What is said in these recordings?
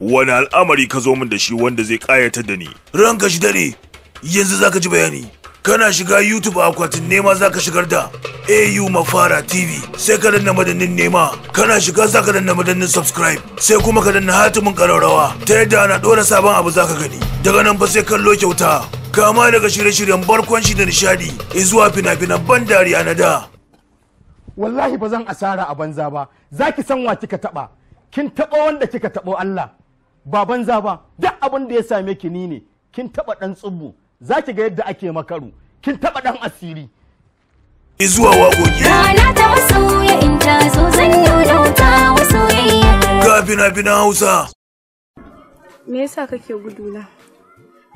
wani al'amari ka zo min da shi wanda zai kayatar da ni ranka shi dare yanzu zaka ji bayani kana shiga youtube a akwatin nema zaka shigar da au mafara tv sai ka danna madannin nema kana shiga zaka danna madannin subscribe sai kuma ka danna hatimin ƙararrawa ta yadda ana ɗora sabon abu zaka gani daga nan fa sai kallo kyauta kama daga shirye-shiryen barkwanci da nishadi zuwa fina-finan ban dariya na da wallahi ba zan asara a banza ba zaki san wa kika taɓa kin taɓa wanda kika taɓo Allah ba banza ba duk abin da ya same ki ni ne kin taba dan za zaki ga yadda ake makaru kin taba dan asiri izuwa waƙoƙi rana ta wasu ya inta zo zan nuna wuta wasu yayya ga bina bina hausa me yasa kake guduna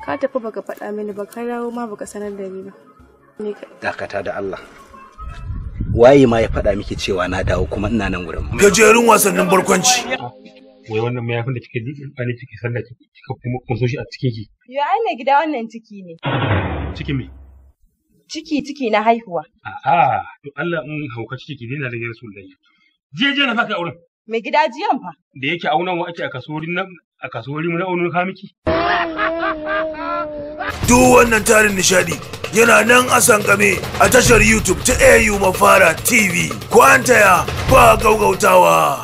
ka tafi baka faɗa mini ba ka dawo ma baka sanar da ni ba dakata da Allah waye ma ya faɗa miki cewa na dawo kuma ina nan gurin gajerun wasannin barkwanci wai wannan mayafin da kike duba ne kike sallah kika kuma kunso shi a cikin ki ya ai mai gida wannan ciki ne ciki me ciki ciki na haihuwa a'a to Allah in hauka ciki ki dena da ya jiya jiya na faka auren mai gida jiyan fa da yake aunan wa ake a kasorin nan a kasorin mu na aunan ka miki duk wannan tarin nishadi yana nan a sankame a tashar YouTube ta AU Mafara TV. Kwantaya ba gaugautawa.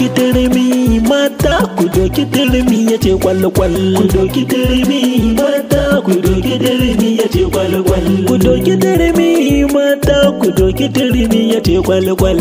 doki turmi mata ku doki turmi ya ce kwal-kwal. ku doki turmi mata ku doki turmi ya ce kwal-kwal. ku doki turmi mata ku doki turmi ya ce kwal-kwal.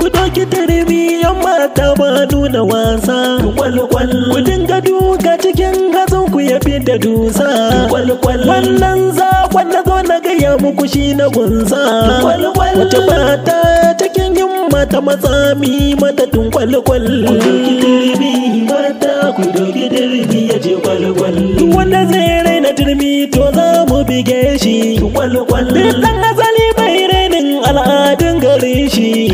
Ku doki tarbi ya mata ba nuna wasa kwal-kwal. ku dinga duka cikin hatsin ku ya fi da dusa kwal-kwal wannan za sakon na zo na gaya muku shi na gunza wace mata cikin yin mata matsami mata tun kwalkwal wanda zai raina turmi to za mu bige shi dan asali bai rainin al'adun gare shi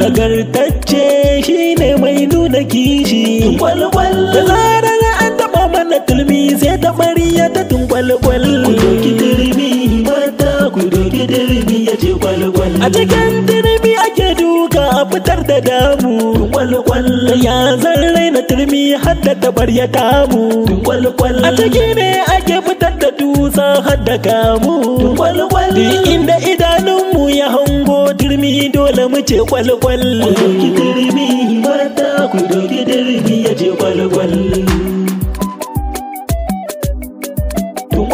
nagartacce shi ne mai nuna kishi da zaran turmi sai ta bari ya ta tun kwalkwal ku doki turmi mata ku doki turmi ya ce kwalkwal a cikin turmi ake duka a fitar da damu tun kwalkwal ya zan na turmi har da tabar ya tamu tun kwalkwal a ciki ne ake fitar da dusa har da kamu tun kwalkwal duk inda idanunmu ya hango turmi dole mu ce kwalkwal ku doki turmi mata ku doki turmi ya ce kwalkwal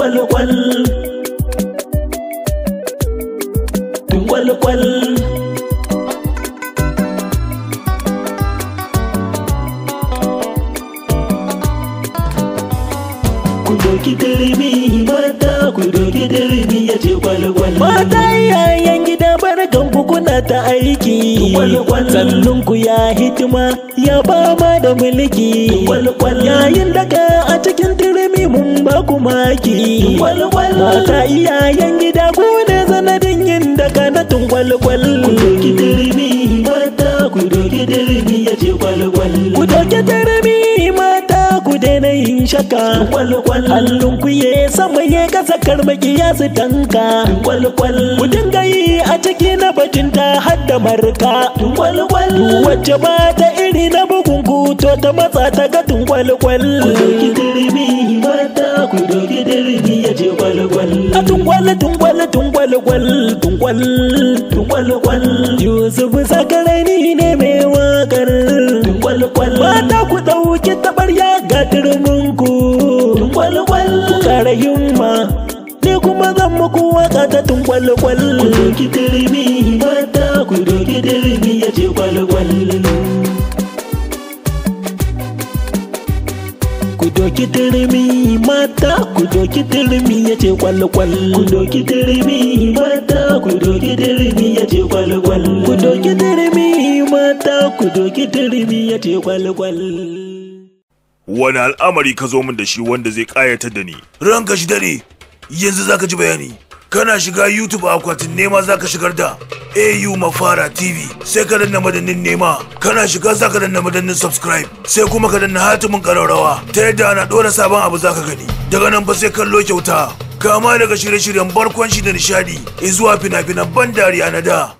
Dungwal-gwal Dungwal-gwal Ku doki dirimi mata ku doki dirimi ya ce gwal-gwal Mata yayan gida barkan ku kuna ta aiki Sannun ku ya hikima ya fama da mulki Yayin daga a cikin mi mun ba ku maki mata iyayen gida ku ne sanadin yin daga na tun kwalkwal ku doki dirimi mata ku doki dirimi ya ce kwal ku doki dirimi mata ku dena yin shaka kwalkwal hannun ku ye sama ye kasa karmaki ya su tanka kwalkwal ku dinga yi a ciki na bajinta har da marka kwalkwal wacce ba ta iri na bugun ku to ta matsa ta ga tun kwalkwal ku doki dirimi gwal tungwal tungwal tungwal gwal tungwal tungwal gwal Yusuf ni ne me wakar tungwal gwal mata ku dauki tabarya ga turmin ku tungwal gwal ku kare himma ne kuma zan muku waka ta tungwal gwal ku doki turmi mata ku doki turmi ya ce gwal gwal doki tirmi mata ku doki tirmi ya ce kwalkwal ku doki tirmi mata ku doki tirmi ya ce kwalkwal ku doki tirmi mata ku doki tirmi ya ce kwalkwal wani al'amari ka zo min da shi wanda zai ƙayatar da ni ranka shi dare yanzu zaka ji bayani kana shiga youtube a akwatin nema zaka shigar da AU Mafara TV sai ka danna madannin nema kana shiga za ka danna madannin subscribe sai kuma ka danna hatimin kararrawa ta yadda ana ɗora sabon abu za ka gani daga nan ba sai kallo kyauta kama daga shirye-shiryen shi da nishadi zuwa fina-finan ban dariya na da.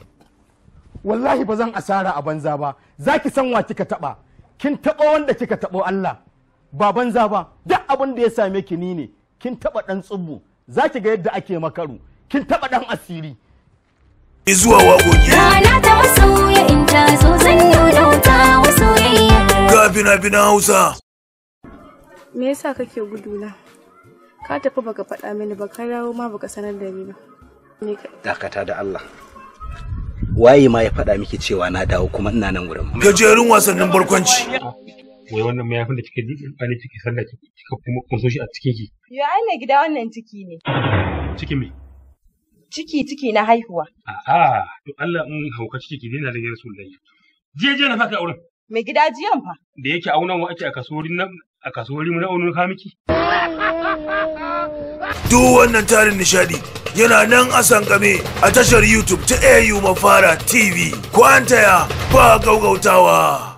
Wallahi ba zan asara a banza ba za ki san wa kika taɓa kin taɓa wanda kika taɓo Allah ba banza ba duk abin da ya same ki ni ne kin taɓa ɗan tsubu za ki ga yadda ake makaru kin taɓa ɗan asiri izuwa waƙoƙi. Rana ta masoya in ta zo zan nuna wuta wa soyayya. na fina Hausa. Me yasa kake gudula? Ka tafi baka faɗa mini ba ka dawo ma baka sanar da ni ba. Dakata da Allah. Waye ma ya faɗa miki cewa na dawo kuma ina nan wurin. Gajerun wasannin barkwanci. Wai wannan mayafin da dinki ba ɗani kike sallah kika kuma so shi a cikin ki. Ya ne gida wannan ciki ne. Ciki me? ciki ciki na haihuwa. A'a, to Allah in hauka ciki ki daina da su Rasulullahi. Jiya jiya na faka auren. Mai gida jiyan fa. Da yake aunan wa ake a kasorin nan a kasorin mu na aunan ka miki. Duk wannan tarin nishadi yana nan a sankame a tashar YouTube ta AU Mafara TV. Kwantaya ba gaugautawa.